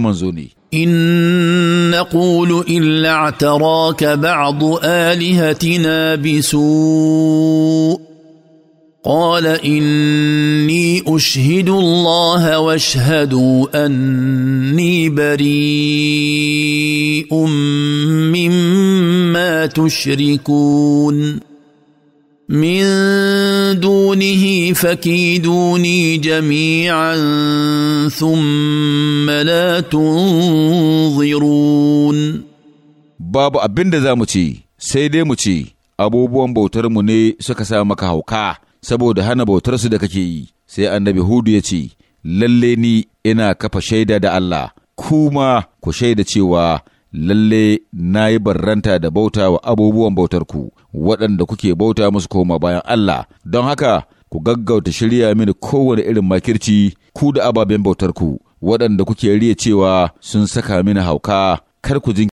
kai إن نقول إلا اعتراك بعض آلهتنا بسوء قال إني أشهد الله واشهدوا أني بريء مما تشركون من دونه فكيدوني جميعا ثم ثم لا تنظرون babu abinda za mu ce, sai dai mu ce abubuwan bautarmu ne suka sa maka hauka saboda hana bautarsu da kake yi sai annabi hudu ya ce lallai ni ina kafa shaida da Allah kuma ku shaida cewa lalle na yi barranta da bauta wa abubuwan bautarku waɗanda kuke bauta musu koma bayan Allah don haka ku gaggauta shirya mini kowane irin makirci ku da ababen bautar ku. waɗanda kuke riya cewa sun saka mini hauka, kar ku